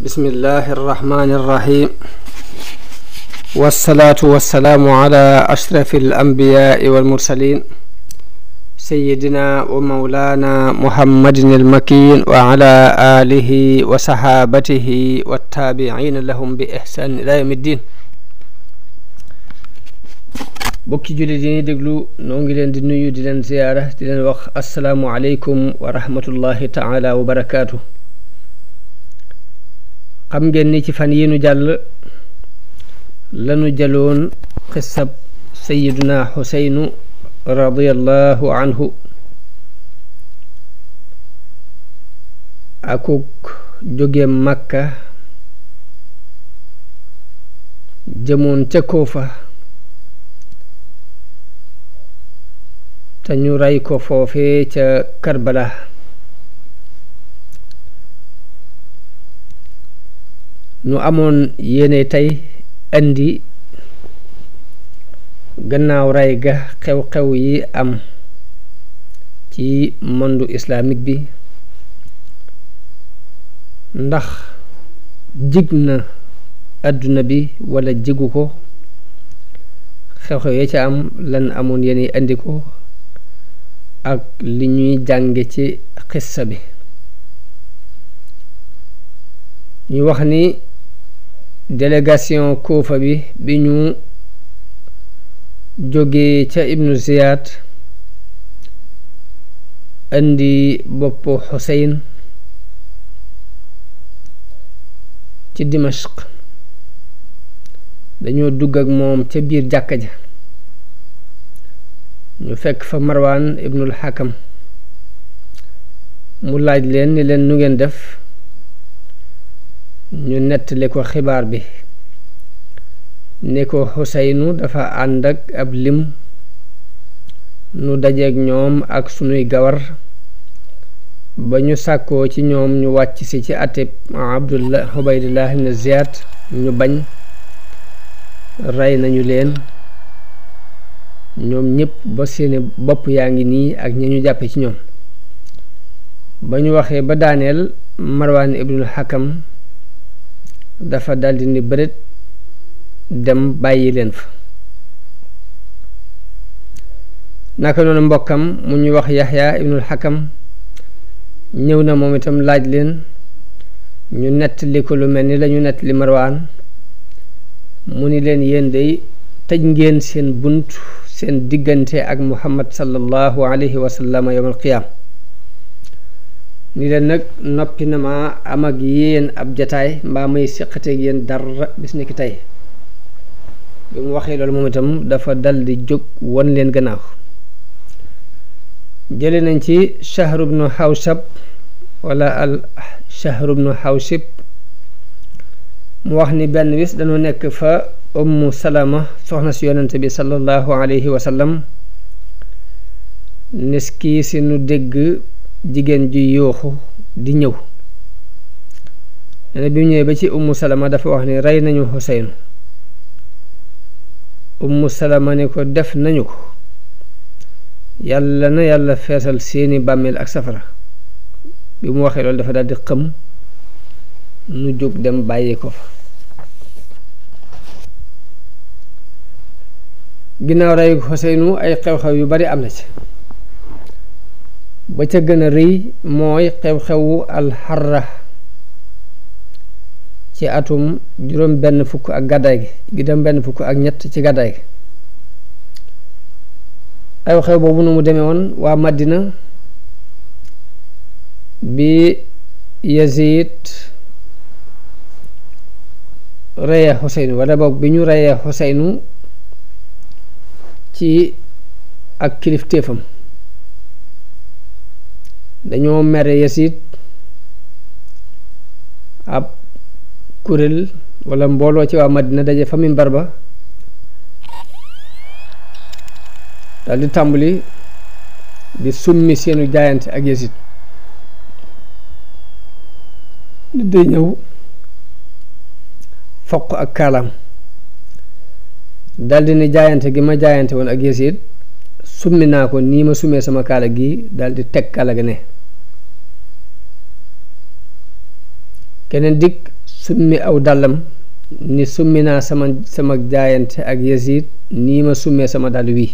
bismillahi arrahmani irrahim wassalaatu wassalaamu ala ashrafi alambiyaai walmursalin sayidina wa maulana muhammadin almakin wa ala alihi wa sahaabatihi wattaabiciina lahum bi ihsaan ila yawmi ddin bokki julli di ñuy déglu noo ngi leen di nuyu di leen ziyaara di leen wax assalaamu aleykum wa rahmatullahi taala wa barakaatu xam ngeen ni ci fan yi nu jàll lanu jëloon xisab sayiduna xuseynu radiallahu anhu akuk jóge màkka jëmoon ca Kuufa te ñu rey ko foofe ca Karbala nu amoon yéene tey indi gannaaw rey ga xew-xew yi am ci monde islamique bi ndax jig na àdduna bi walla jigu ko xew-xew ya ca am lan amoon yéen indi ko ak li ñuy jànge ci xissa bi ñu wax ni délégation Kufa bi bi ñu jógee ca ibnu Ziyad andi bopp Xuseyn ci Dimashq dañoo dugg ak moom ca biir jàkka ja ñu fekk fa marwaan ibnul Hakam mu laaj leen ni leen lu ngeen def ñu nettali ko xibaar bi ni ko xuseynu dafa ànd ak ab lim nu dajeeg ñoom ak sunuy gawar ba ñu sàkkoo ci ñoom ñu wàcc si ci atib abdullah ubaydullah ibn ziyad ñu bañ rey nañu leen ñoom ñëpp ba seeni bopp yaa ngi nii ak ña ñu jàppe ci ñoom ba ñu waxee ba daaneel marwaan ibnul xakam dafa daldi ni bërët dem bàyyi leen fa naka noonu mbokkam mu ñuy wax yaxya ibnul xakam ñëw na moom itam laaj leen ñu nettali ko lu mel ni lañu nettali marwaan mu ni leen yéen day tëj ngeen seen bunt seen diggante ak muhammad sallallahu alayhi wa sallam yawmal qiyaam ni leen nag noppi na ma am ak yéen ab jataay mbaa may séqateeg yéen dara bis ni ki tey bi mu waxee loolu moom itam dafa daldi jóg won leen gannaaw jële nañ ci shahru bnu hawshab wala al shahru bnu mu wax ni benn bis dañu nekk fa ummu salama soxna si yonente bi sallallahu alayhi wa niski si nu dégg jigéen ji yuuxu di ñëw ne bi mu ñëwee ba ci ummu salama dafa wax ni rey nañu xuseynu ummu salama ni ko def nañu ko yàlla na yàlla feesal seeni bàmmeel ak safara bi mu waxee loolu dafa daldi xëm nu jóg dem bàyyi ko fa ginnaaw rey xuseynu ay xew-xew yu bari am na ci ba ca gëna a rëy mooy xew-xewu alxarra ci atum juróom benn fukk ak gàddaay gi gidam benn fukk ak ñett ci gàddaay gi xew-xew boobu nu demee woon waa màddina bi Yazid reyee Xuseynu wala bi ñu reyee Xuseynu ci ak kilifteefam dañoo mere Yasid ab kuréel walla mbooloo ci waa Madina daje fa minbar ba dal di tàmbali di summi seenu jaayante ak Yasid nit ñëw foq ak kaalam daldi ni jaayante gi ma jaayante woon ak Yasid summi naa ko nii ma sumee sama kaala gi daldi teg kaala ga ne keneen dikk summi aw dàllam ni summi naa sama sama jaayante ak Yazid nii ma summee sama dàll wii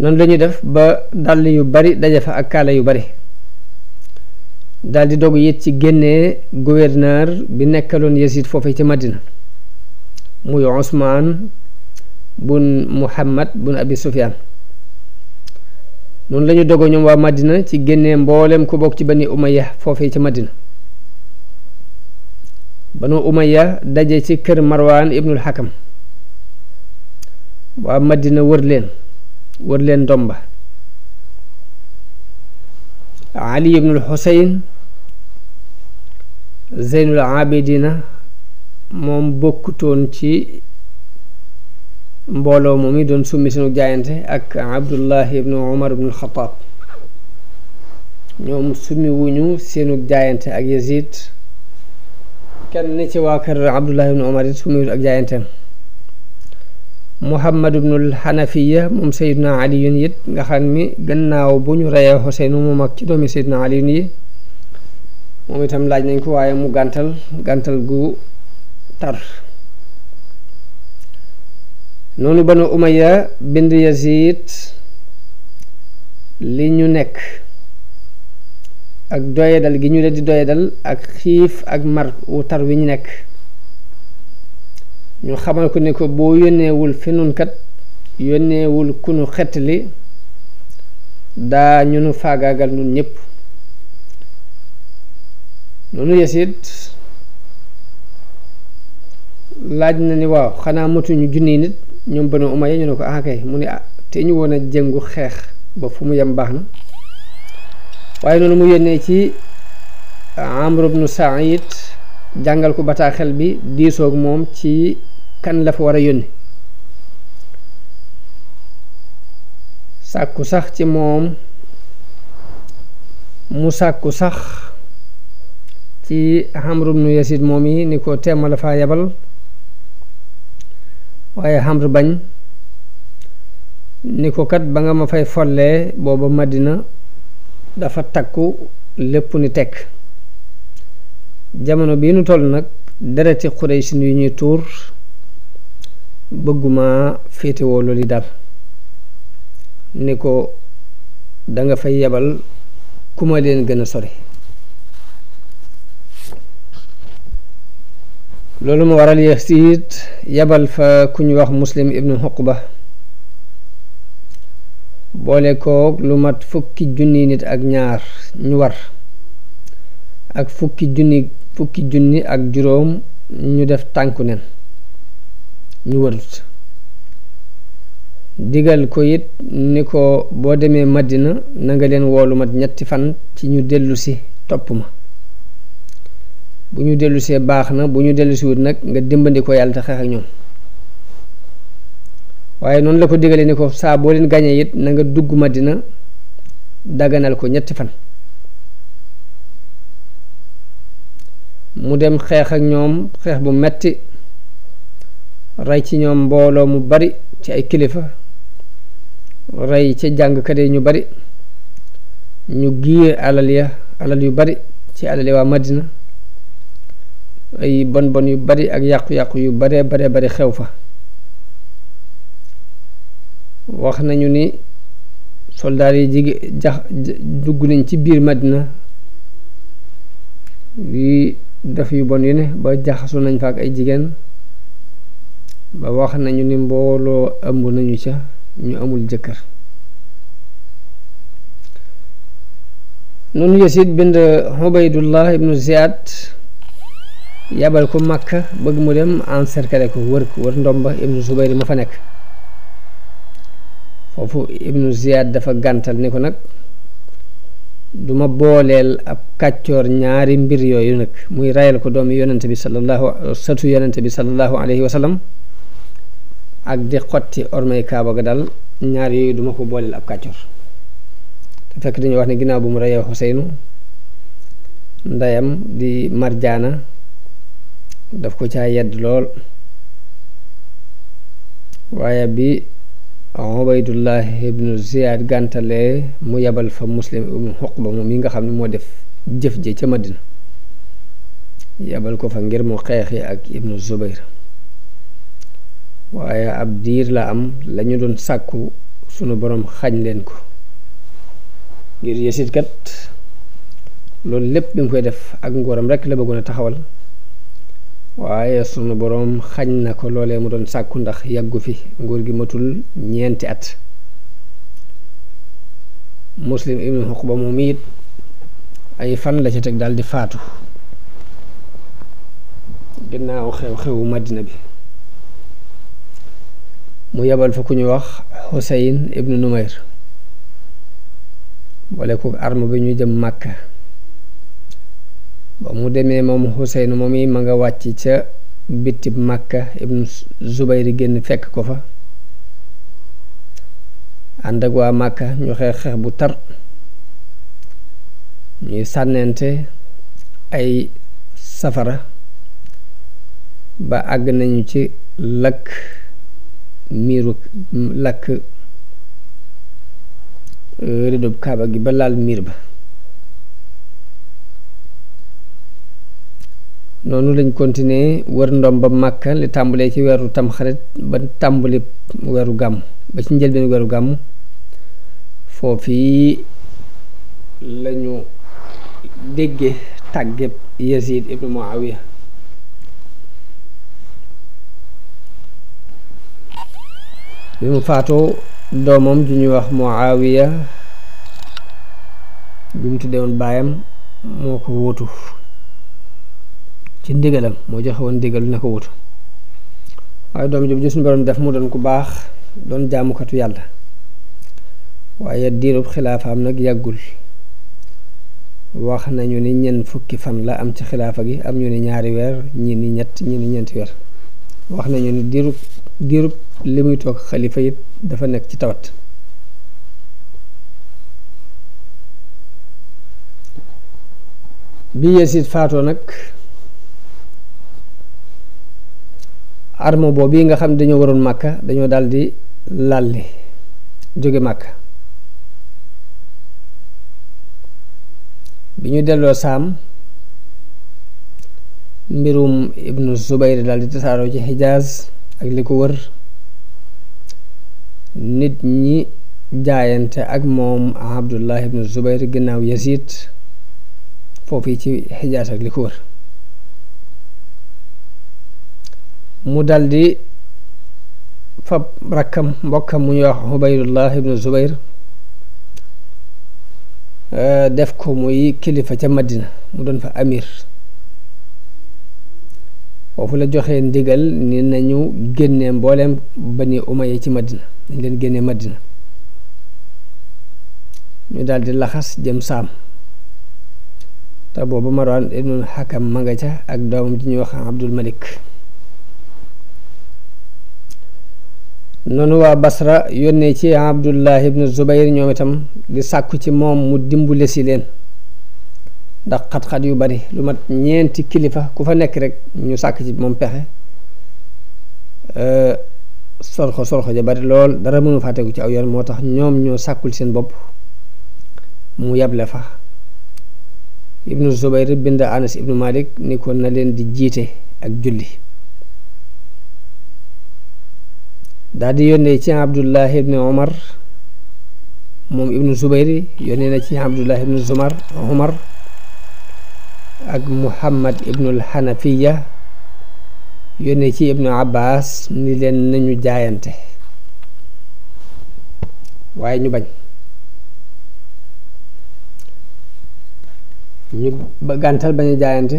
noonu lañuy def ba dàll yu bari daje fa ak kaala yu bari daldi di dogu it ci génne gouverneur bi nekkaloon Yazid foofee ci Madina muy Ousmane bun muhammad bun abi sufyaan noonu lañu ñu dogo ñoom waa madina ci génnee mboolem ku bokk ci bani umaya foofee ci madina banu umaya daje ci kër marwaan ibnul xakam waa madina wër leen wër leen ndomba ali ibnul xuseyn zeynul abidina moom bokkutoon ci mbooloo moom yi doon summi seenu jaayante ak abdullahi ibnu umar ibnu alxataab ñoom summi wuñu seenu jaayante ak yazid kenn ci waa kër abdullahi ibnu umar it summiwul ak jaayanteem muhammad ibnul xanafiya moom sayidna aliyun it nga xam ni gannaaw bu ñu reyee xuseynu mu mag ci doomi sayidna aliyun yi moom itam laaj nañ ko waaye mu gàntal gàntal gu tar noonu banu umaya bind yazid li ñu nekk ak doyadal gi ñu leen di doyadal ak xiif ak mar wu tar wi nekk ñu xamal ko ne ko boo yónneewul fi yónneewul ku nu xett li daa ñu nu faagaagal nun ñëpp noonu yazid laaj na ni waaw xanaa matuñu junni nit ñoom Banu Umayya ñu ne ko ah mu ne ah te ñu woon a jëngu xeex ba fu mu yem baax na waaye noonu mu yónnee ci Amr ibn Saïd jàngal ko bataaxel bi diisoog moom ci kan la fa war a yónnee sàkku sax ci moom mu sàkku sax ci Amr ibn Yasid moom yi ni ko teema la yebal waaye Xamr bañ ni ko kat ba nga ma fay follee booba Madina dafa takku lépp ni tekk jamono bii nu toll nag dereti Quraysh yu ñuy tuur bëgguma féetewoo loolu dal ni ko danga fay yebal ku ma leen gën a sori loolu mu waral Yasiid yabal fa ku ñu wax muslim ibnu ba boole koog lu mat fukki junni nit ak ñaar ñu war ak fukki junni fukki junni ak juróom ñu def tànku nen ñu warut digal ko it ni ko boo demee Madina nanga nga leen woolu mat ñetti fan ci ñu dellusi si topp ma bu ñu dellusee baax na bu ñu dellusiwut nag nga dimbandi ko yàlla te xeex ak ñoom waaye noonu la ko digalee ni ko saa boo leen gañee it na nga dugg màddina daganal ko ñetti fan mu dem xeex ak ñoom xeex bu metti rey ci ñoom mbooloo mu bari ci ay kilifa rey ci jàngkat yi ñu bari ñu giir alal ya alal yu bari ci alal ya waa Madina ay bon bon yu bari ak yàq yàqu yu bare baree bari xew fa wax nañu ni soldaar yi jigé jax dugg nañ ci biir Madina yi def yu bon yu ne ba jaxasu nañ fa ak ay jigéen ba wax nañu ni mbooloo ëmb nañu ca ñu amul jëkkër noonu Yasid bind Ubaydullah ibnu Ziyad yabal ko Makka bëgg mu dem encercler ko wër ko wër ndomba ibnu Zubayr ma fa nekk foofu ibnu Ziyad dafa gàntal ni ko nag du ma booleel ab kàccoor ñaari mbir yooyu nag muy rayal ko doom yonente bi sallallahu satu yonente bi sallallahu alayhi wa sallam ak di xotti ormay kaaba ga dal ñaar yooyu duma ko booleel ab kàccoor te fekk dañuy wax ne ginnaaw bu mu rayee Xuseynu ndeyam di Marjaana daf ko caa yedd lool waaye bi Ubaydullahi ibnu Ziyaad gàntalee mu yebal fa Muslim ibnu Uqba moom mi nga xam ne moo def jëf ji ca Madina yebal ko fa ngir mu xeexi ak ibnu Zubayr waaye ab diir la am lañu doon sàkku sunu boroom xañ leen ko ngir Yasiid kat loolu lépp bi mu koy def ak ngóoram rekk la bëggoon a taxawal waaye sunu boroom xañ na ko loolee mu doon sàkku ndax yàggu fi nguur gi matul ñeenti at muslim ibnu xuqba moom it ay fan la ci teg daal di faatu ginnaaw xew-xewu màddina bi mu yebal fa ku ñu wax Xuseyn ibnu Numayr boole ko arme bi ñu jëm Màkka ba mu demee moom Xuseyn moom i ma nga wàcc ca bitti Makka ibnu Zubayr génn fekk ko fa ànd ak waa màkka ñu xeex xeex bu tar ñuy sànnente ay safara ba àgg nañu ci lakk miiru lakk euh, riddub kaaba gi ba laal miir ba noonu lañ continuer wër ndom ba màkka li tàmbalee ci weeru tamxarit ba tàmbali weeru gàmm ba ci njëlbeen weeru gàmm foofii lañu dégge tàggeb Yazid ibnu Muawiya bi mu faatoo doomam ju ñuy wax Muawiya bi mu tuddewoon baayam moo ko wóotu ci ndigalam moo joxe woon ndigal na ko wutu waaye doom jooju suñu borom def mu doon ku baax doon jàmmukatu yàlla waaye diirub xilaafaam nag yàggul wax nañu ni ñen fukki fan la am ci xilaafa gi am ñu ni ñaari weer ñi ni ñett ñi ni ñeenti weer wax nañu ni diirub diirub li muy toog xalifa it dafa nekk ci tawat bi Yasiid faatoo nag arme boobu yi nga xam dañoo waroon màkka dañoo daal di lalli jóge màkka bi ñu delloo saam mbirum ibnu zubayr daal di tasaaroo ci xijaaz ak li ko wër nit ñi jaayante ak moom abdullah ibnu zubayr ginnaaw yasid foofu yi ci xijaaz ak li ko wër mu daldi di fab rakkam mbokkam mu ñuy wax Ubaydullah ibnu Zubayr eh, def ko muy kilifa ca Madina mu doon fa amir foofu la joxee ndigal ni nañu génne mbooleem bani Umayya ci Madina dañ leen génne Madina ñu daldi di laxas jëm saam te booba Marwaan ibnu Hakam ma ak doomam ji ñuy wax Abdul Malik noonu waa basra yónnee ci abdullah ibnu zubayr ñoom itam di sàkku ci moom mu dimbule si leen ndax xat-xat yu bari lu mat ñeenti kilifa ku fa nekk rek ñu sàkk ci moom pexe euh, sorxo sorxo ja bari lool dara mënu faa tegu ci aw yoon moo tax ñoom ñoo sàkkul seen bopp mu yable fa ibnu zubayr bind anas ibnu malik ni ko na leen di jiite ak julli daal di yónnee ci abdullah ibni omar moom ibnu zubayri yónnee na ci abdullah ibnu zumar omar ak muhammad ibnul hanafiya yónnee ci ibnu abbas ni leen nañu jaayante waaye ñu bañ ñu gàntal bañ a jaayante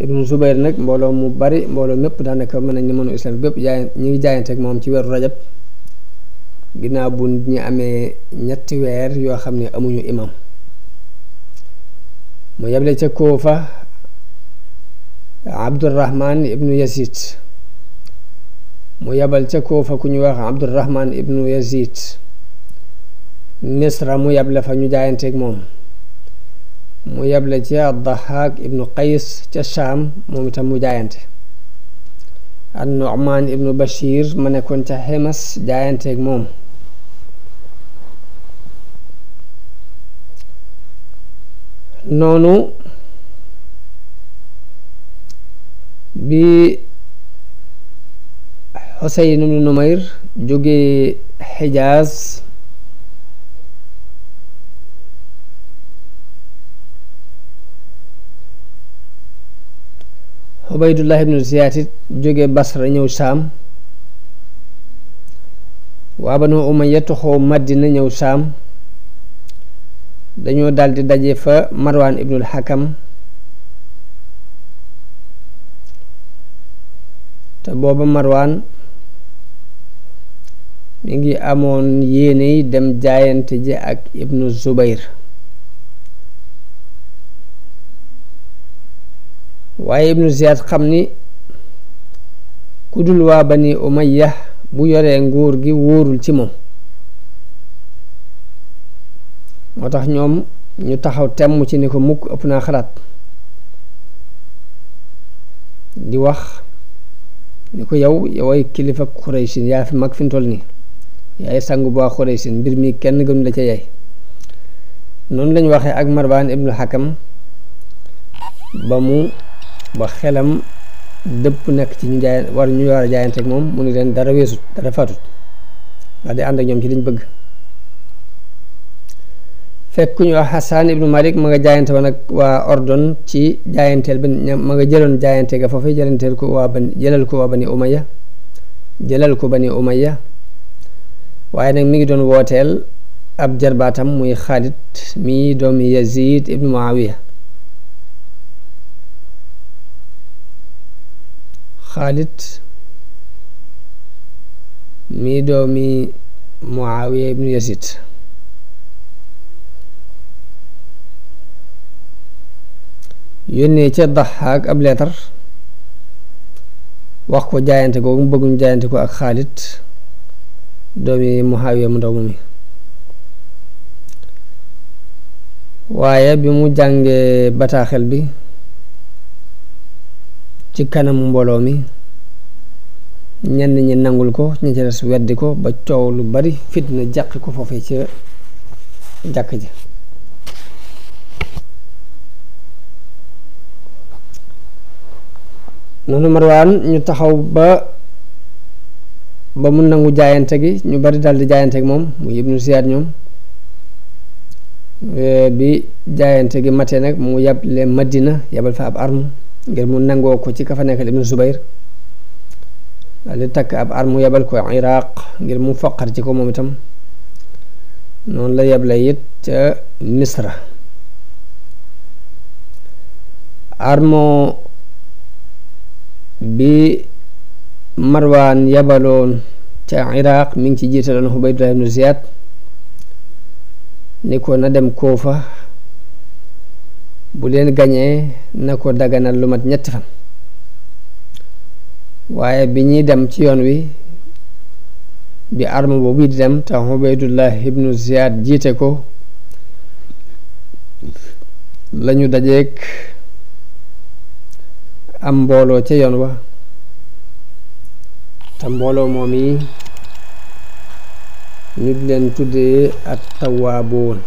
ibnu Zubayr nag mbooloo mu bari mbooloo mépp daanaka mën nañ ne mënu islam bépp jaay ñu ngi jaayanteeg moom ci weeru rajab ginnaaw bu ñu amee ñetti weer yoo xam ne amuñu imam mu yeble ca koofa Abdurrahman ibnu yebal ca Kuufa ku ñu wax Abdurrahman ibnu Yazid Misra mu yeble fa ñu jaayante jaayanteeg moom mu yeble ci addahaak ibnu qays ca Shaam moom itam mu jaayante an nu'maan ibnu bashir ma nekkoon ca xemas jaayanteeg moom noonu bi xuseyn ibnu numayr jógee xijaaz Ubaydullah ibnu Ziyaad it jóge Basra ñëw Saam waa Banu Umayya tuxoo Madina ñëw Saam dañoo daldi daje fa Marwaan ibnul Hakam te booba Marwaan mu ngi amoon yéene dem jaayante ji ak ibnu Zubayr waaye ibnu ziyad xam ni ku dul waa ba ni bani umayya bu yoree nguur gi wóorul ci moom moo tax ñoom ñu taxaw temm ci ni ko mukk ëpp naa xalaat di wax ni ko yow yoway kilifa xuraysin yaa fi mag fi mu toll nii yaay sangu bu waa mbir mi kenn gënu la ca yaay noonu lañu waxee ak marwan ibnu xakam ba mu ba xelam dëpp nekk ci ñu jaay war ñu war a jaayante moom mu ni leen dara weesut dara faatut ndax di ànd ak ñoom ci liñ bëgg fekk ñu wax Hassan ibnu Malik ma nga jaayante ba nag waa Ordon ci jaayanteel ba ma nga jëloon jaayante ga foofee jëlanteel ko waa jëlal ko waa ni Umayya jëlal ko ba ni Umayya waaye nag mi ngi doon wooteel ab jarbaatam muy Xaalid mii doomi Yazid ibnu Muawiya xaalid mii doomi muawiya ibnu yasid yónnee ca daxaak ab leetar wax ko jaayante ko mu bëgguñ jaayante ko ak xaalid doomi muawiya mu ndaw mi waaye bi mu jàngee bataaxel bi ci kanam mbooloo mi ñenn ñi nangul ko ñi ci des weddi ko ba coow lu bari fitna jàq ko foofee ca jàkk ji noonu marwaan ñu taxaw ba ba mu nangu jaayante gi ñu bari daal di jaayante gi moom mu ibnu siyaad ñoom eh, bi jaayante gi mate nag mu yab leen madina yabal fa ab arme ngir mu nangoo ko ci ka fa nekkal ibnu Zubayr daal li takk ab armu yebal ko Iraq ngir mu foqar ci ko moom itam noonu la yeble it ca Misra armo bi Marwaan yebaloon ca Iraq mi ngi ci jiitaloon Xubayb ibnu Ziyaad ni ko na dem koofa bu leen gañee na ko daganal lu mat ñetti fan waaye bi ñuy dem ci yoon wi bi arme boobu di dem tax Ubaydullah ibnu Ziyaad jiite ko lañu dajeeg am mbooloo ca yoon wa te mbooloo moom yi ñu di leen tuddee ak tawaaboon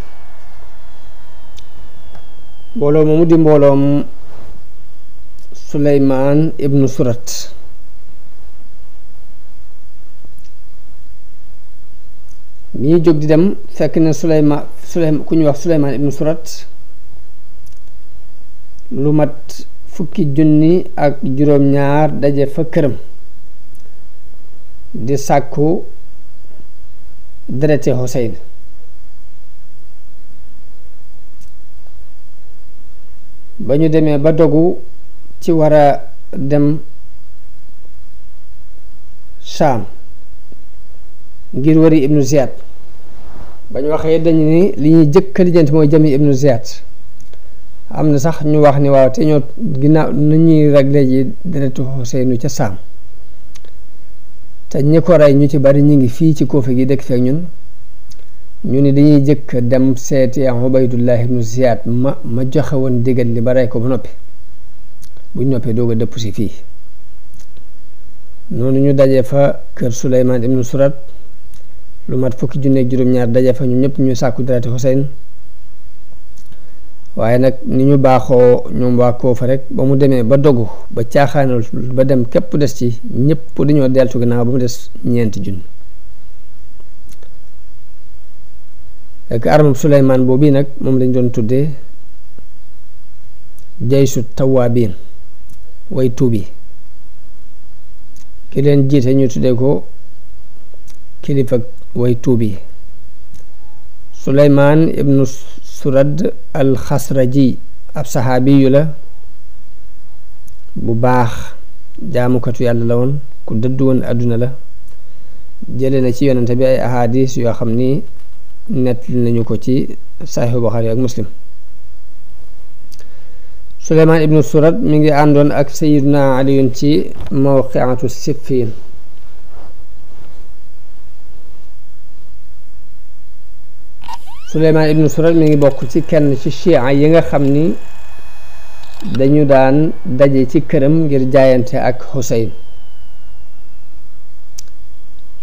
mbooloo mu di mbooloom suleymaan ibnu surat mi jóg di dem fekk na suleymaan suleymaan ku ñuy wax suleymaan ibnu surat lu mat fukki junni ak juróom-ñaar daje fa këram di sàkku dereti Xuseyn ba ñu demee ba dogu ci war a dem saam ngir wari ibnu ziyad ba ñu waxee dañu ni li ñuy jëkk a lijjanti mooy jami ibnu ziyad am na sax ñu wax ni waaw te ñoo ginnaaw nu ñuy réglé ji deretu Xuseynu ca saam te ñi ko rey ñu ci bari ñu ngi fii ci koofe gi dëkk feek ñun ñu ni dañuy jëkk dem seeti am Ubaydullah ibnu Ziyaad ma ma joxe woon digal li ba rey ko ba noppi buñ noppee doog a dëpp si fii noonu ñu daje fa kër Suleymaan ibnu Surat lu mat fukki junne ak juróom-ñaar daje fa ñu ñëpp ñu sàkku dereti Xuseyn waaye nag ni ñu baaxoo ñoom waa fa rek ba mu demee ba dogu ba caaxaanal ba dem képp des ci ñëpp dañoo deltu gannaaw ba mu des ñeenti junni ak armab Suleymaan boobu nag moom lañ doon tuddee jaysu tawaabiin way tuubi ki leen jiite ñu tuddee ko kilifa way tuubi Suleymaan ibnu Surad al Xasraji ab saxaabiyu la bu baax jaamukatu yàlla la woon ku dëdd woon àdduna la jële na ci yonante bi ay ahadis yoo xam ni nett nañu ko ci saxiixu Buxaari ak muslim suleymaan ibnu surat mi ngi àndoon ak sayiduna aliyun ci mawqiatu siffin suleymaan ibnu surat mi ngi bokk ci kenn ci chia yi nga xam ni dañu daan daje ci këram ngir jaayante ak Xuseyn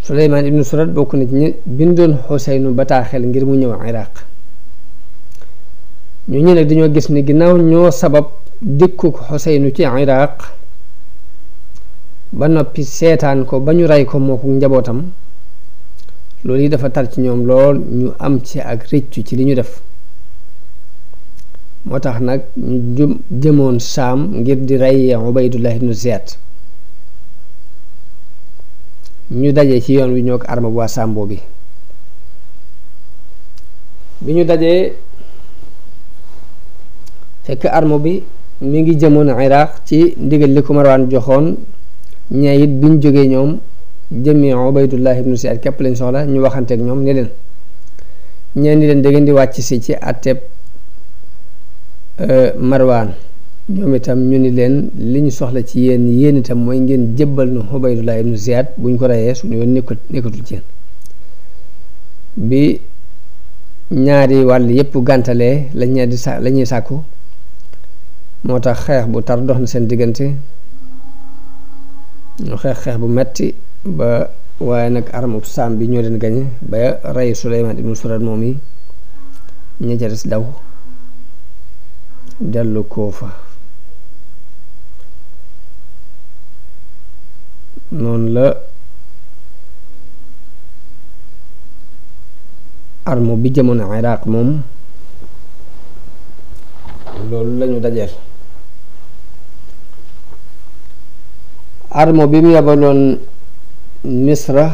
suleymaan ibnu surat bokk na ci ñu bindoon xuseynu bataaxel ngir mu ñëw iraq ñu ñu nag dañoo gis ni ginnaaw ñoo sabab dikkuk xuseynu ci iraq ba noppi seetaan ko ba ñu rey ko moo ko njabootam loolu yi dafa tar ci ñoom lool ñu am ci ak rëccu ci li ñu def moo tax nag ñu jëmoon saam ngir di rey ubaydullah ibnu ziyad ñu daje ci yoon wi ñoo ko armée bu waa Sàmbo bi bi ñu dajee fekk armo bi mi ngi jëmoon Iraq ci ndigal li ko Marwaan joxoon ñee it bi ñu jógee ñoom jëmmi Ubaydullah ibnu Saad képp lañ soxla ñu waxanteeg ñoom ne leen ñee ni leen da di wàcc si ci àtteeb euh, Marwaan ñoom itam ñu ni leen li soxla ci yéen yéen itam mooy ngeen jëbbal nu Ubaydullah ibnu Ziyaad bu ñu ko reyee suñu yoon nekkul nekkatul ci bi ñaari wàll yépp gàntalee lañ ñee di sàkku moo tax xeex bu tar dox na seen diggante ñu xeex xeex bu metti ba waaye nag armub saam bi ñoo leen gañe ba rey Suleymaan ibnu Surad moom yi ña ca des daw dellu koo fa noonu la armo bi jamono iraq moom loolu lañu dajeel armo bi mu yabaloon misra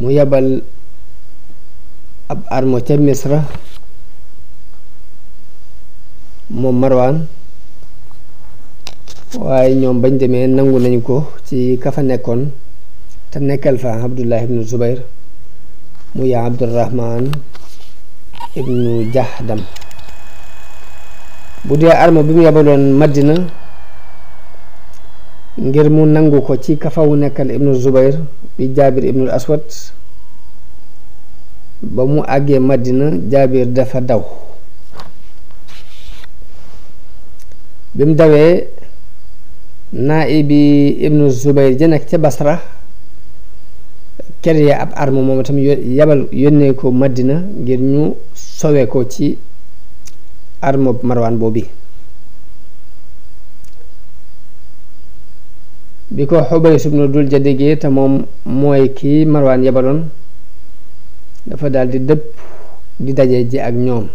mu yebal ab arme ca misra moom marwaan waaye ñoom bañ demee nangu nañu ko ci ka nekkoon te nekkal fa abdullah ibnu zubayr muy abdurahman ibnu jahdam bu dee arme bi mu yebaloon madina ngir mu nangu ko ci kafawu nekkal ibnu zubayr bi jaabir ibnul aswad ba mu àggee madina jaabir dafa daw bi mu dawee naaibi ibnu zubayr ja nekk ca basra ker ya ab arme moom itam yabal yónnee ko madina ngir ñu sowe ko ci arme marwaan boobi bi ko xubays ibnu dul ja déggee te moom mooy kii marwaan yebaloon dafa daldi dëpp di daje ji ak ñoom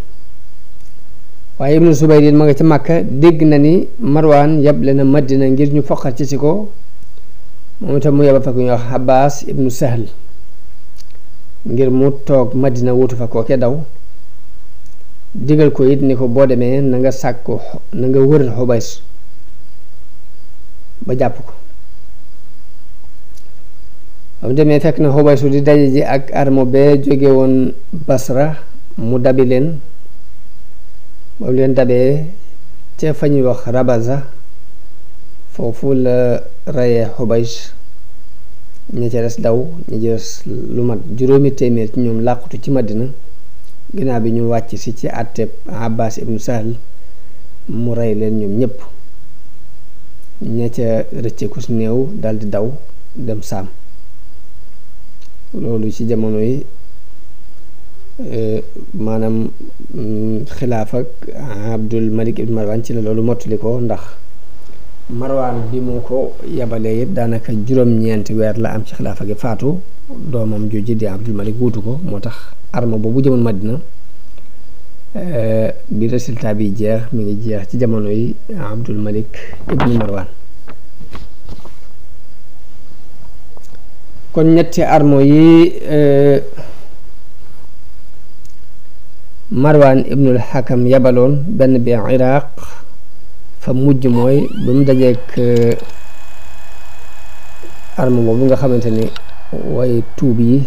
waaye ibnu Zubayr it ma nga ca Màkka dégg na ni Marwaan yable na Madina ngir ñu foqar ci si ko moom itam mu yaba fa ku ñuy wax ibnu Sahl ngir mu toog Madina wutu fa koo ke daw digal ko it ni ko boo demee na nga sàkku na nga wër Xubays ba jàpp ko ba mu demee fekk na Xubaysu di daje ji ak armo bee jóge Basra mu dabi leen ba leen dabee ca fa ñuy wax rabaza foofu la reyee xubays ña ca des daw ña ca des lu mat juróomi téeméer ci ñoom làqutu ci madina ginnaaw bi ñu wàcc si ci àtteeb abbas ibnu sahl mu rey leen ñoom ñépp ña ca rëcceeku si néew daldi daw dem saam loolu ci jamono yi Euh, maanaam mm, xilaaf ak Abdul Malik ibn Marwan ci la loolu mottali ko ndax Marwan bi mu ko yabalee yëpp daanaka juróom-ñeenti weer la am ci xilaafa gi faatu doomam jooju di Abdul Malik wuutu ko moo tax arme boobu jëmoon Madina euh, bi résultat bi jeex mi ngi jeex ci jamono yi Abdul Malik ibn Marwan kon ñetti armo yi euh, marwaan ibnul xakam yabaloon benn bi iraq fa mujj mooy ba mu dajeek euh, arme boobu nga xamante ni waaye tuub yi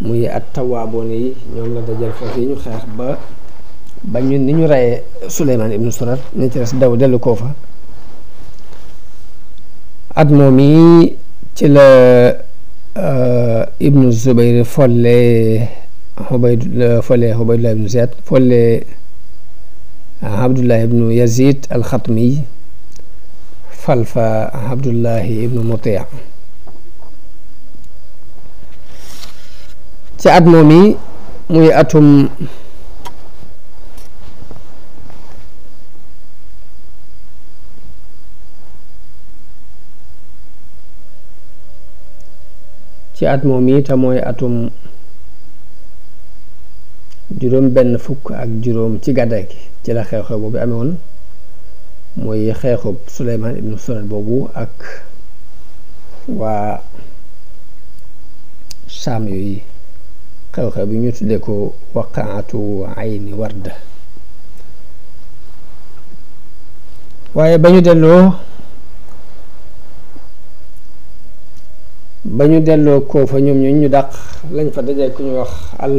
muy at tawaaboon yi ñoom la dajal foofu yi ñu xeex ba ba ñun ni ñu reyee suleymaan ibnu surar ni daw dellu koo fa at moom yi ci la euh, ibnu zubayr folle xubayd euh, fole xubaydullah ibnu ziyad euh, abdullah ibnu yazid alxatmi falfa abdullahi ibnu mutia ci at moom at moom yi te mooy atum juróom benn fukk ak juróom ci gàddaay gi ci la xew-xew boobu amee woon mooy xeexub Suleymaan ibnu Sulaymaan boobu ak waa saam yooyu xew-xew bi ñu tuddee ko waqaatu ayni warda waaye ba ñu delloo ba ñu delloo koo fa ñoom ñu ñu dàq lañ fa dajee ku ñu wax al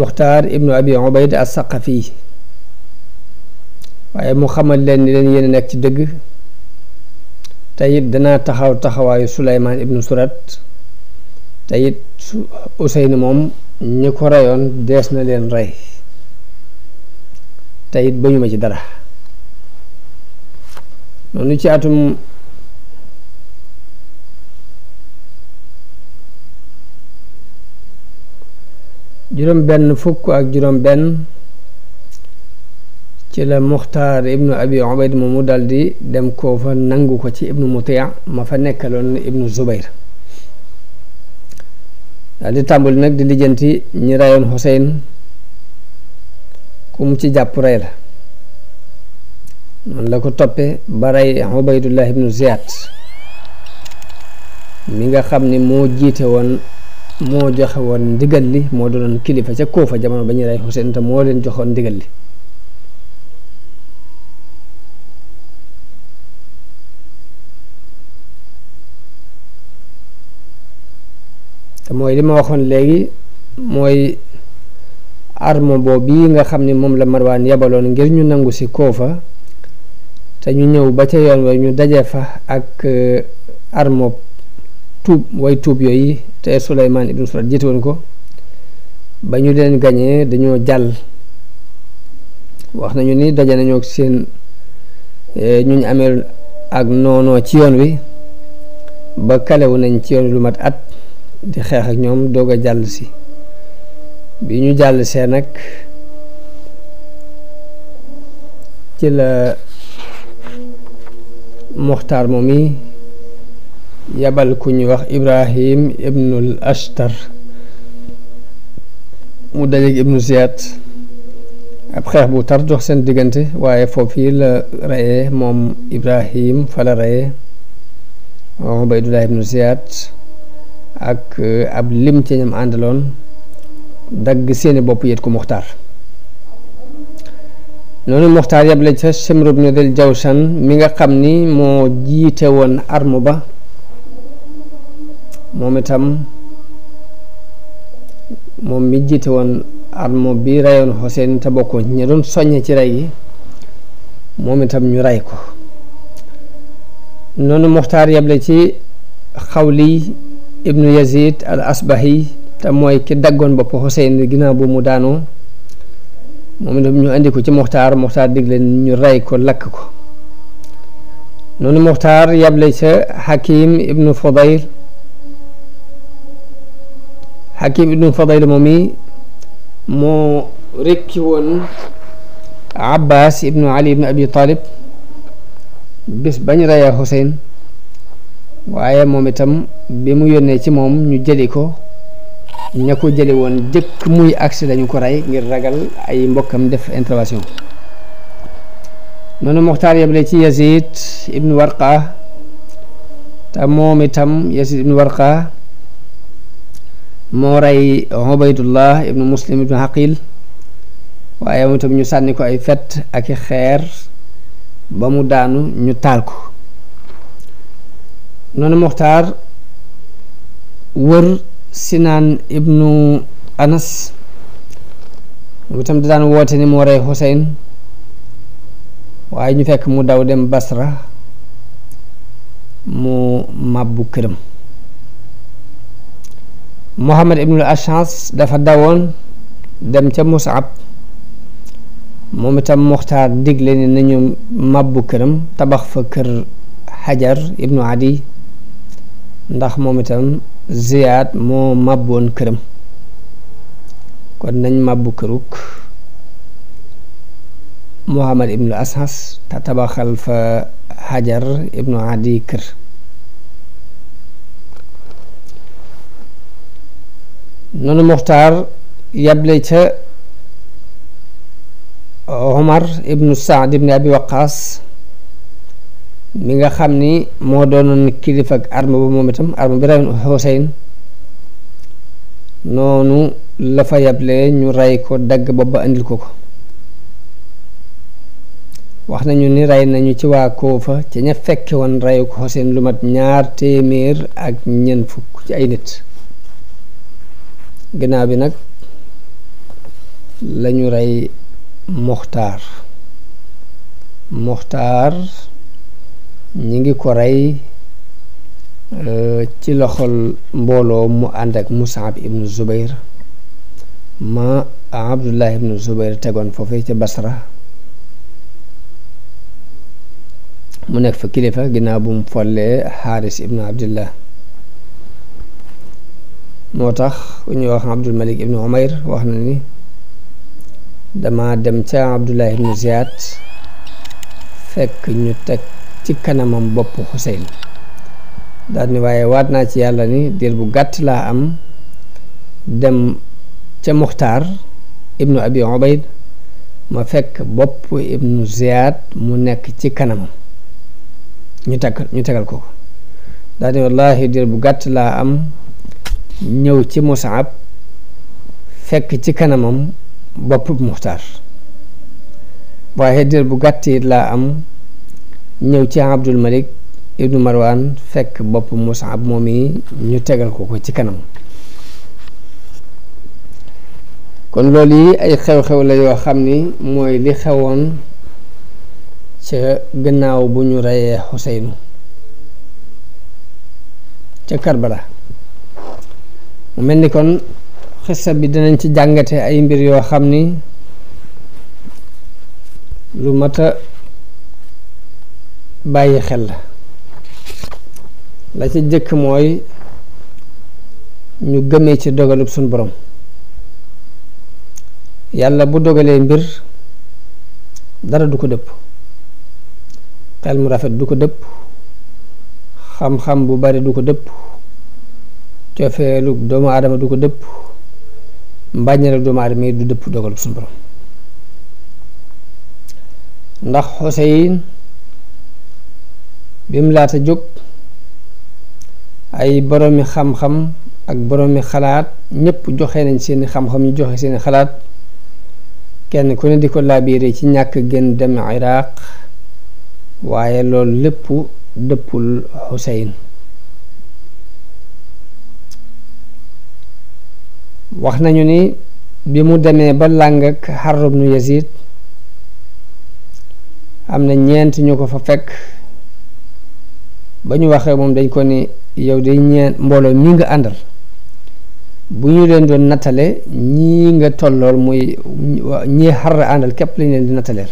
muxtaar ibnu abi ubayd as-saqafi waaye mu xamal leen ni leen nekk ci dëgg te it danaa taxaw taxawaayu suleymaan ibnu surat te it useyn moom ñi ko reyoon dees na leen rey te it ci dara noonu ci atum juróom benn fukk ak juróom benn ci la muxtaar ibnu abi ubayd moomu daldi dem koo fa nangu ko ci ibnu mutia ma fa nekkaloon ibnu zubayr daldi tàmbali nag di lijjanti ñi rayoon xuseyn ku mu ci jàpp rey la noonu la ko toppe ba rey ubaydullah ibnu ziyad mi nga xam ni moo jiite woon moo joxewoon woon ndigal li moo doonoon kilifa ca Kuufa jamono ba ñu rey Xuseyn te moo leen joxoon ndigal li mooy li ma waxoon léegi mooy armobo boobu bii nga xam ni moom la Marwaan yebaloon ngir ñu nangu si Kuufa te ñu ñëw ba ca yoon wa ñu daje fa ak euh, arme tuub way tuub yooyu te Souleymane Ibn Soulat jiite woon ko ba ñu leen gañee dañoo jàll wax nañu ni daje nañoo seen eh, ñu ñu amee ak noonoo ci yoon wi ba kalewu nañ ci yoon lu mat at di xeex ak ñoom doog a jàll si bi ñu jàll see nag ci la Moxtaar moom yi yabal ku ñu wax ibrahim ibnul ashtar mu dajeeg ibnu ziyad ab xeex bu tar dox seen diggante waaye foofii la reyee moom ibrahim fa la reyee moom ubaydullah ibnu ziyad ak euh, ab lim ci ñam àndaloon dagg seeni bopp yët ku muxtaar noonu muxtaar yab la ca simru ibnu dil jawshan mi nga xam ni moo jiite woon arme ba moom itam moom mi jiite woon armo bi reyoon Hussein te bokkoon ci doon soññe ci rey yi moom itam ñu rey ko noonu muxtaar yeble ci xawli ibnu yazid al asbahi te mooy ki daggoon bopp Hussein ginnaaw bu mu daanoo moom itam ñu indi ko ci muxtaar muxtaar digle ñu rey ko lakk ko noonu muxtaar yeble ca hakim ibnu fudayl Hakim ibnu Fadayl moom mi moo rekki woon Abbas ibnu Ali ibnu Abi bis bañ raya Hussein waaye moom itam bi mu yónnee ci moom ñu jëli ko ña ko jëli woon jëkk muy agsi dañu ko rey ngir ragal ay mbokkam def intervention noonu Muxtaar yemle ci Yazid ibnu Warqa te moom itam Yazid ibnu Warqa moo rey Ubaydullah ibnu muslim ibnu xaqil waaye moom ñu sànni ko ay fett ak i xeer ba mu daanu ñu taal ko noonu muxtaar wër sinaan ibnu anas moom itam daan woote ni moo rey Xuseyn waaye ñu fekk mu daw dem Basra mu màbbu këram Muhammad ibnul Ashans dafa dawoon dem ca Mus'ab moom itam Muxtaar digle ne nañu màbbu këram tabax fa kër Hajar ibnu Adi ndax moom itam Ziyaad moo màbboon këram kon nañ màbbu këruk Muhammad ibnul Ashans tabaxal fa Hajar ibnu Adi kër noonu muxtaar yable ca omar ibnu saad ibnu abi waqaas mi nga xam ni moo doonoon kilifa ak arme ba moom itam arme bi rayoon Xuseyn noonu la yable ñu rey ko dagg ba indil ko ko wax nañu ni rey nañu ci waa Koofa ca ña fekke woon reyu ko Xuseyn lu ñaar téeméer ak ñeent fukk ci ay nit ginnaaw bi nag lañu rey muxtaar moxtaar ñi ngi ko rey euh, ci loxol mbooloo mu ànd ak Musab ibnu Zubayr ma Abdullah ibnu Zubayr tegoon foofee ci Basra mu nekk fa kilifa ginnaaw bu mu follee Xaaris ibnu Abdullah moo tax ñu wax abdul malik ibnu umayr wax na ni dama dem ca abdullah ibnu ziyad fekk ñu teg ci kanamam bopp xuseyn daal waaye waat naa ci yàlla ni diir bu gàtt laa am dem ca muxtaar ibnu abi ubayd ma fekk bopp ibnu ziyad mu nekk ci kanamam ñu teg ñu tegal ko ko daal ni wallahi bu gàtt laa am ñëw ci Mus'ab fekk ci kanamam boppub Muxtaar waaye diir bu gàtt laa am ñëw ci Abdul Malik ibnu Marwan fekk bopp Mus'ab moom yi ñu tegal ko ko ci kanam kon loolu yi ay xew-xew la yoo xam ni mooy li xewoon ca gannaaw bu ñu reyee Xuseynu ca Karbala mel ni kon xissa bi dinañ ci jàngate ay mbir yoo xam ni lu mat a bàyyi xel la la ci jëkk mooy ñu gëmee ci dogalub suñ borom yàlla bu dogalee mbir dara du ko dëpp xel mu rafet du ko dëpp xam-xam bu bari du ko dëpp cofeelu doomu aadama du ko dëpp mbàññeelu doomu aadama yi du dëpp dogalub suñu borom ndax Xuseyn bi mu laata jóg ay boromi xam-xam ak boroomi xalaat ñépp joxe nañ seeni xam-xam ñu joxe seeni xalaat kenn ku ne di ko laabiire ci ñàkk gën dem Iraq waaye loolu lépp dëppul Xuseyn wax nañu ni bi mu demee ba làng ak Harr ibnu Yazid am na ñeent ñu ko fa fekk ba ñu waxee moom dañ ko ni yow di ñeent mbooloo mi nga àndal bu ñu leen doon nattale ñii nga tollool muy ñii Harr àndal képp lañ leen di nattaleel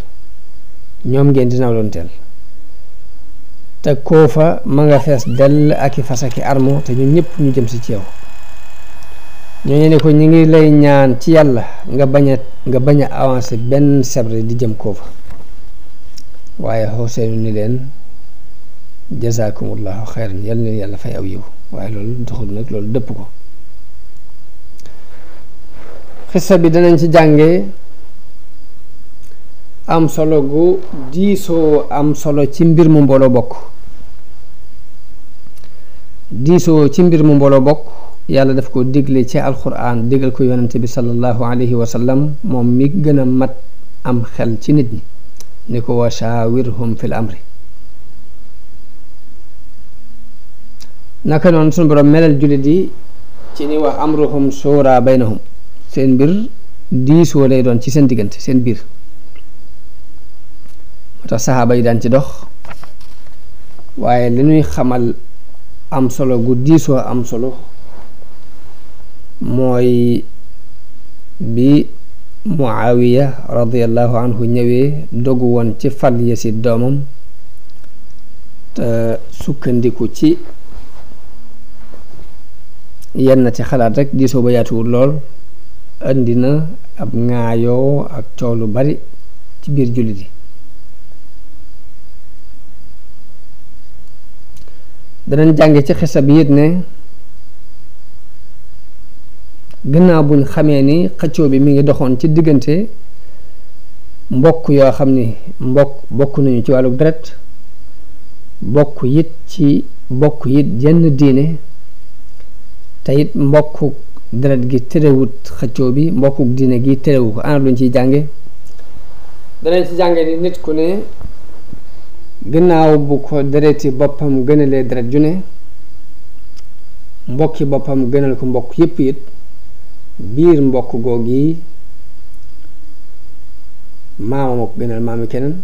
ñoom ngeen dinaw doon teel te koo fa ma nga fees dell ak i fas ak i armo te ñun ñëpp ñu jëm si ci yow ñooñu ne ko ñu ngi lay ñaan ci yàlla nga bañ nga bañ a avancé benn sabre di jëm koo fa waaye Xuseenu ni leen jazaakumullahu xayran yal na leen yàlla fay aw yiw waaye loolu doxul nag loolu dëpp ko xissa bi danañ ci jànge am solo gu diisoo am solo ci mbir mu mbooloo bokk diisoo ci mbir mu mbooloo bokk yàlla daf ko dégle ci alxuraan dégal ko yonente bi sallallahu alayhi wa sallam moom mi gën a mat am xel ci nit ñi ni ko wa shaawirhum fil amri naka noonu suñu borom melal jullit yi ci ni wax amruhum suura baynahum seen mbir diisoo lay doon ci seen diggante seen biir moo tax saxaaba yi daan ci dox waaye li ñuy xamal am solo gu diisoo am solo mooy bi muawiya radiallahu anhu ñëwee dogu woon ci fal Yasid doomam te sukkandiku ci yenn ci xalaat rek diisoo ba yaatuwul lool indi na ab ŋaayoo ak coow lu bari ci biir jullit yi danañ jànge ci xisa bi ne gannaaw buñ xamee ni xëccoo bi mi ngi doxoon ci diggante mbokk yoo xam ni mbokk bokk nañu ci wàllu deret bokk it ci bokk yit jenn diine te it mbokku deret gi terewut xëccoo bi mbokku diine gi terewu ko ana luñ ciy jànge danañ ci jànge ni nit ku ne gannaaw bu ko dereti boppam gënalee deret ju ne mbokki boppam gënal ko mbokk yépp it biir mbokk goog yi maama ma gënal maami keneen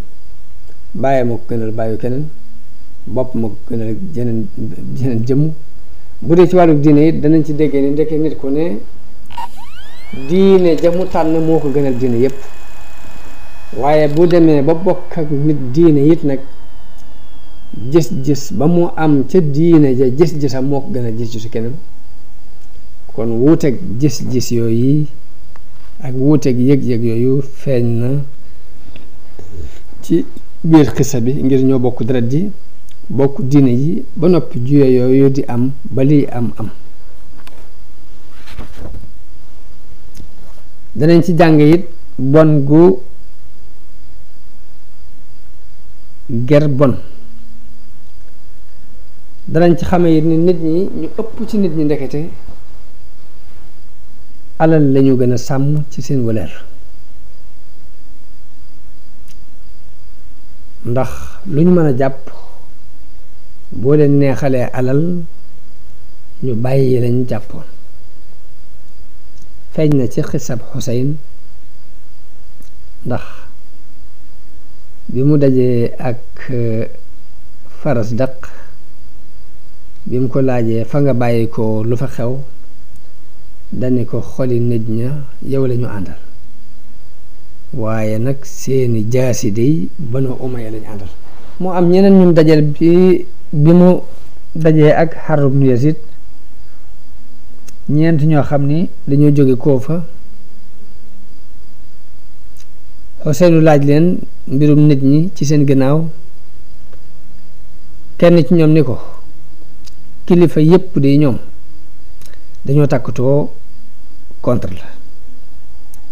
bàyyi ma ko gënal bàyyi keneen bopp ma ko gënal jeneen jeneen jëmm bu dee ci wàllu diine it danañ ci déggee ni ndekkee nit ku ne diine jamu tànn moo ko gënal diine yépp waaye bu demee ba bokk ak nit diine it nag gis-gis ba mu am ca diine ja gis-gisam moo ko gënal gis-gisu keneen kon wuuteeg gis-gis yooyu ak wuuteeg yëg-yëg yooyu feeñ na ci biir xisa bi ngir ñoo bokk deret ji bokk diine yi ba noppi juye yooyu di am ba lii am am danañ ci jàng it bon gu ger bon danañ ci xame it ni nit ñi ñu ëpp ci nit ñi ndekete alal lañu gën a sàmm ci seen wëlër ndax lu ñu mën jàpp boo leen neexalee alal ñu bàyyi lañu jàppoon feeñ na ci xisab Xuseyn ndax bi mu dajee ak faras daq bi mu ko laajee fa nga bàyyi ko lu fa xew dane ko xoli nit ña yow lañu àndal waaye nag seeni jaasi day banu umaya lañu àndal moo am ñeneen ñun dajal bi bi mu dajee ak Harun ibn Yazid ñeent ñoo xam ni dañoo jóge Kufa seenu laaj leen mbirum nit ñi ci seen gannaaw kenn ci ñoom ni ko kilifa yépp de ñoom dañoo takkatoo contre la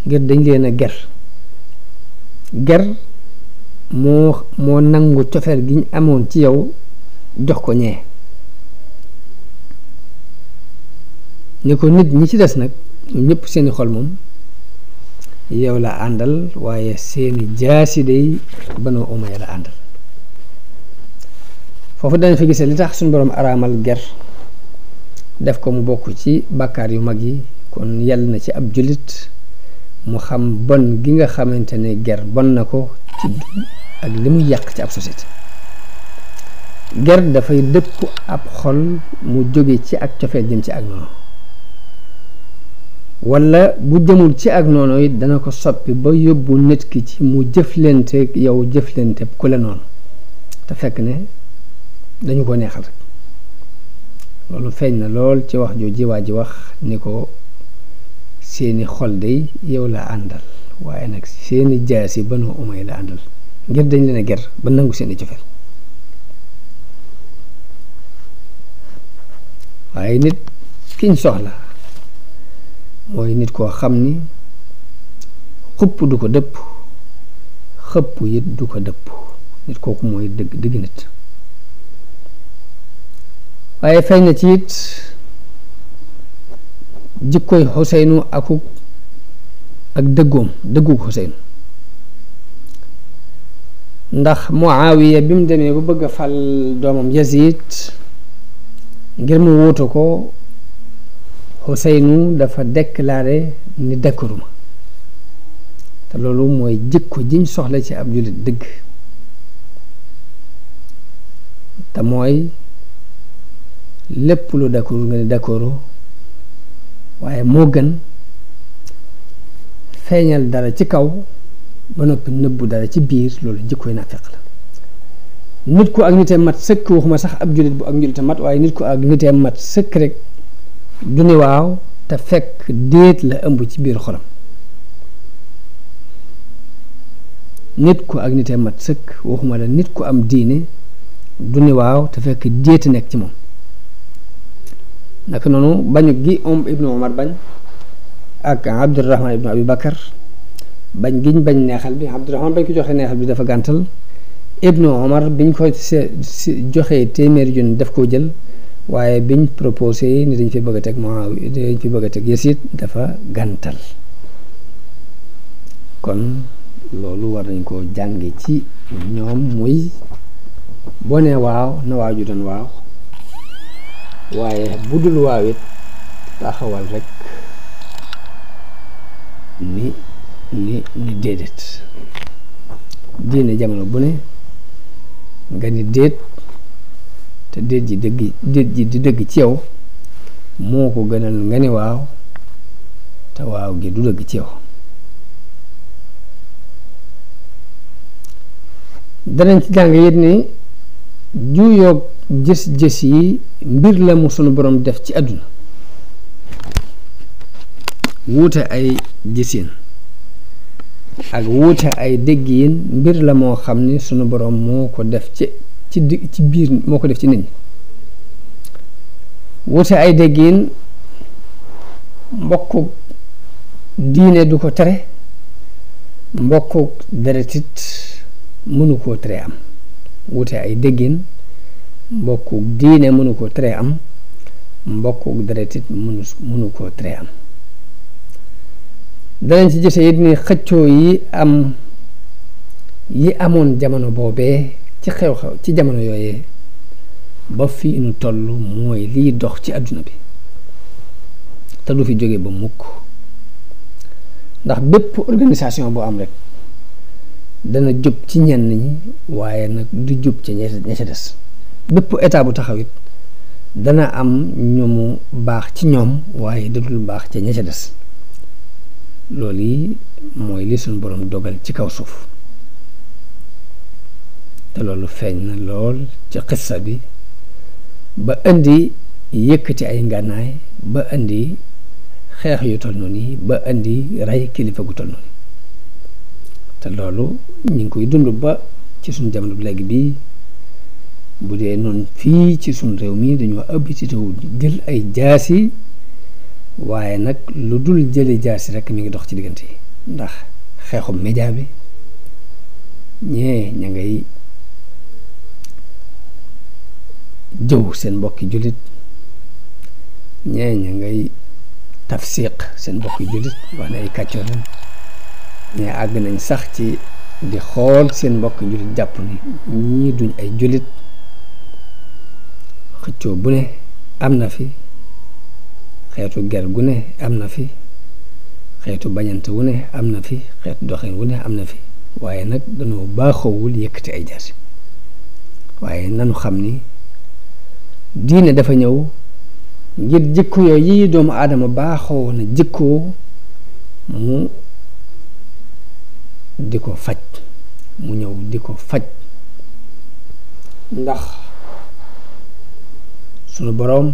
ngir dañ leen a ger ger moo moo nangu cofeel gi ñu amoon ci yow jox ko ñee ne ko nit ñi ci des nag ñëpp seeni xol moom yow la àndal waaye seeni jaasi day Banu Umayya la àndal foofu dañ fa gisee li tax suñu borom araamal ger def ko mu bokk ci bàkkaar yu mag yi kon yal na ci ab jullit mu xam bon gi nga xamante ne ger bon na ko ci ak li mu yàq ci ab société ger dafay dëpp ab xol mu jóge ci ak cofeel jëm ci ak noonu wala bu jëmul ci ak noonu dana ko soppi ba yóbbu nit ki ci mu jëflante yow jëflante ku la noonu te fekk ne dañu ko neexal rek loolu feeñ na lool ci wax jooju waa ji wax ni ko seeni xol day yow la àndal waaye nag seeni jaasi banu umay la àndal ngir dañ leen a ger ba nangu seeni cofeel waaye nit kiñ soxla mooy nit koo xam ni xupp du ko dëpp xëpp it du ko dëpp nit kooku mooy dëgg dëgg nit waaye feeñ na ci it jikkoy xuseynu akuk ak dëggoom dëgguk xuseynu ndax muawiya bi mu demee ba bëgg a fal doomam yazid ngir mu wutu ko xuseynu dafa déclaré ni dakkaruma te loolu mooy jikko jiñ soxla ci ab jullit dëgg te mooy lépp lu dakkarul nga ni dakkaru waaye moo gën feeñal dara ci kaw ba noppi nëbbu dara ci biir loolu jikkoy naafeq la nit ku ak nitee mat sëkk waxuma sax ab jullit bu ak njullite mat waaye nit ko ak nitee mat sëkk rek du waaw te la ëmb ci biir xolam nit ku ak nitee waxuma la nit ku am diine du ni waaw te fekk déet nekk ci moom naka noonu bañ gi om ibnu omar bañ ak abdurahman ibnu abi bakar bañ giñ bañ neexal bi abdurahman bañ ko joxee neexal bi dafa gàntal ibnu omar biñ ko se joxee téeméeri junni daf koo jël waaye biñ proposé ni dañ fi bëgg a teg moo dañ fi bëgg a teg Yasid dafa gàntal kon loolu war nañ koo jànge ci ñoom muy boo nee waaw na waaju doon waaw waaye bu dul waawit taxawal rek ni ni ni déedéet diine jamono bu ne nga ni déet te déet ji dëgg déet ji di dëgg ci yow moo ko gënal nga ni waaw te waaw gi du dëgg ci yow danañ ci jàng yit ni juyoog jës-jës yi mbir la mu sunu borom def ci àdduna wuute ay gisin ak wuute ay déggiin mbir la moo xam ni sunu borom moo ko def ci ci ci biir moo ko def ci nit ñi wuute ay déggiin mbokku diine du ko tere mbokku deretit mënu koo tere am wute ay déggin mbokkuk diine mënu ko tere am mbokkuk deretit mënu mënu koo tere am danañ ci gise it ni xëccoo yi am yi amoon jamono boobee ci xew-xew ci jamono yooyee ba fii nu toll mooy liy dox ci àdduna bi te du fi jóge ba mukk ndax bépp organisation boo am rek dana jub ci ñenn ñi waaye nag du jub ci ña ca des bépp état bu taxaw dana am ñu mu baax ci ñoom waaye dudul baax ca ña ca des loolu yi mooy li suñu borom dogal ci kaw suuf te loolu feeñ na lool ci xissa bi ba indi yëkkati ay ngànnaay ba indi xeex yu tol noonu yi ba indi rey kilifa gu tol noonu te loolu ñu ngi koy dund ba ci suñu jamono bi léegi bii bu dee noonu fii ci suñu réew mii dañoo habitude wu jël ay jaasi waaye nag lu dul jëli jaasi rek mi ngi dox ci diggante yi ndax xeexum média bi ñee ña ngay jëw seen mbokki jullit ñee ña ngay tafsiq seen mbokki jullit wax ne ay kàccoor mais àgg nañ sax ci di xool seen mbokk jullit jàpp ni ñii duñ ay jullit xëccoo bu ne am na fi xeetu ger gu ne am na fi xeetu bañante wu ne am na fi xeetu doxin wu ne am na fi waaye nag dañoo baaxoowul yëkkati ay jaasi waaye nanu xam ni diine dafa ñëw ngir jikko yooyu yi doomu aadama baaxoo na jikkoo mu di ko faj mu ñëw di ko faj ndax sunu boroom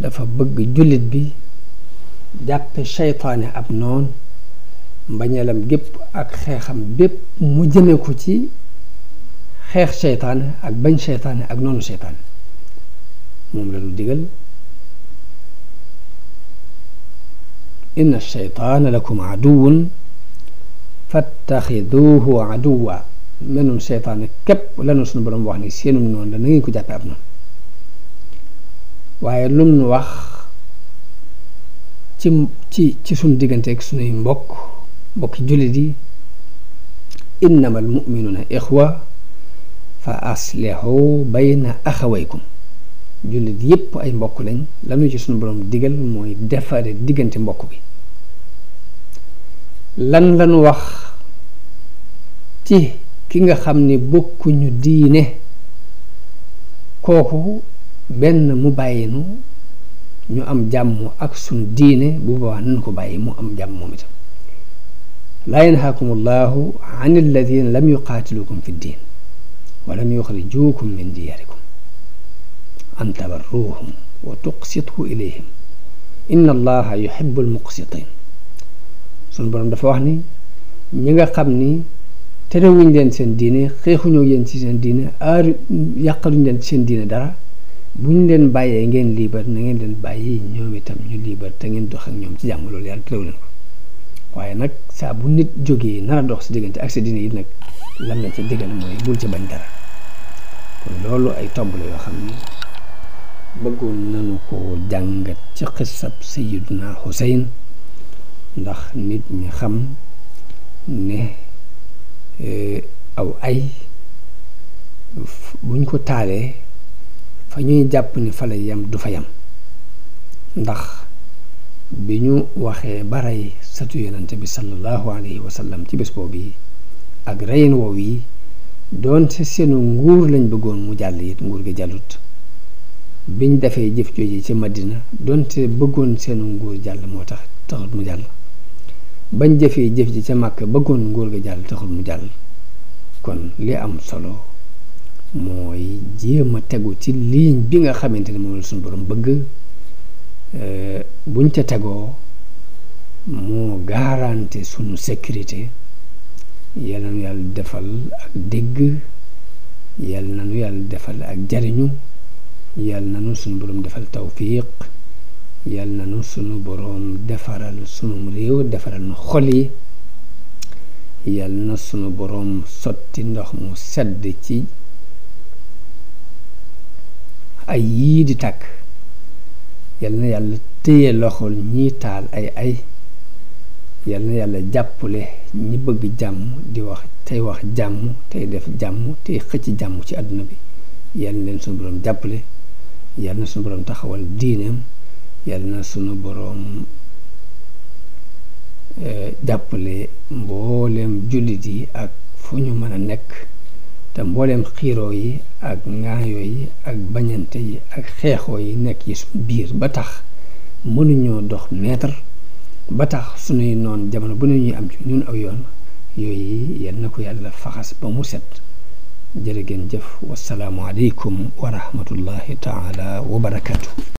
dafa bëgg jullit bi jàppe seytaane ab noon mbañeelam gépp ak xeexam bépp mu jëme ko ci xeex seytaane ak bañ seytaane ak noonu seytaane moom la ñu digal inna seytaana lakum aduwun fattaxiduhu aduwa lanum seytaane képp lanu suñu borom wax ni seenum noonu la na ngeen ko jàppe ab noonu waaye lum nu wax ci ci ci diggante ak suñuy mbokk mbokki jullit yi innama al muminuuna ixwa fa aslihu bayna axawaykum jullit yépp ay mbokk lañ lanu ci sunu borom digal mooy defare diggante mbokk bi lan lañu wax ci ki nga xam ni bokkuñu diine kooku benn mu bàyyi ñu am jàmm ak sun diine bu boobaa nañ ko bàyyi mu am jàmm moom itam laa yanhaakum allahu an alladina lam yuqaatilukum fi ddin wa lam yuxrijuukum min diyarikum an tabarruuhum wa tuqsitu ilayhim inna allaha yuhibbu almuqsitin suñu borom dafa wax ni ñi nga xam ni terewuñ leen seen diine xeexuñoo yéen ci seen diine aar yàqaluñ leen ci seen diine dara buñ leen bàyyee ngeen liibar na ngeen leen bàyyi ñoom itam ñu liibar te ngeen dox ak ñoom ci jàmm loolu yàlla terew ko waaye nag saa bu nit jógee nara dox si diggante ak sa diine yi la ca digal mooy ci bañ dara loolu ay tomb la yoo xam ni bëggoon nañu ko jàngat ci xisab sayiduna Xuseyn ndax nit ñi xam ne e, aw ay buñ ko taalee fa ñuy jàpp ni fa yam du fa yem ndax bi ñu waxee ba rey satu yonante bi sallallahu alayhi wa ci bés boobu yi ak reyin wow yi doonte seenu nguur lañ bëggoon mu jàll it nguur gi jàllut biñ defee jëf yi ci Madina doonte bëggoon seenu nguur jàll moo tax taxut mu jàll bañ jëfee jëf ji ca màkk bëggoon nguur ga jàll taxul mu jàll kon li am solo mooy jéem a tegu ci ligne bi nga xamante ne moom la suñu borom bëgg buñ ca tegoo moo garanti suñu sécurité yal nanu yàlla defal ak dégg na nu yàlla defal ak jariñu yal nanu suñu borom defal tawfiq yal nañu sunu boroom defaral sunum réew defaral nu xol yi yal na sunu boroom sotti ndox mu sedd ci ay yii di tàkk yal na yàlla téye loxol ñiy taal ay ay yal na yàlla jàppale ñi bëgg jàmm di wax tey wax jàmm tey def jàmm tey xëcc jàmm ci àdduna bi yal na leen sunu boroom jàppale yal na sunu boroom taxawal diineem yal na sunu boroom eh, jàppale mbooleem jullit yi ak fu ñu mën a nekk te mbooleem xiiroo yi ak ŋaayoo yi ak bañante yi ak xeexoo yi nekk yi suñ biir ba tax mënuñoo dox meetar ba tax suñuy noon jamono bu ne ñuy am ci ñun aw yoon yooyu yal na ko yàlla faxas ba mu set jërë geen jëf wasalaamualeykum wa rahmatullahi taala wa barakaatu.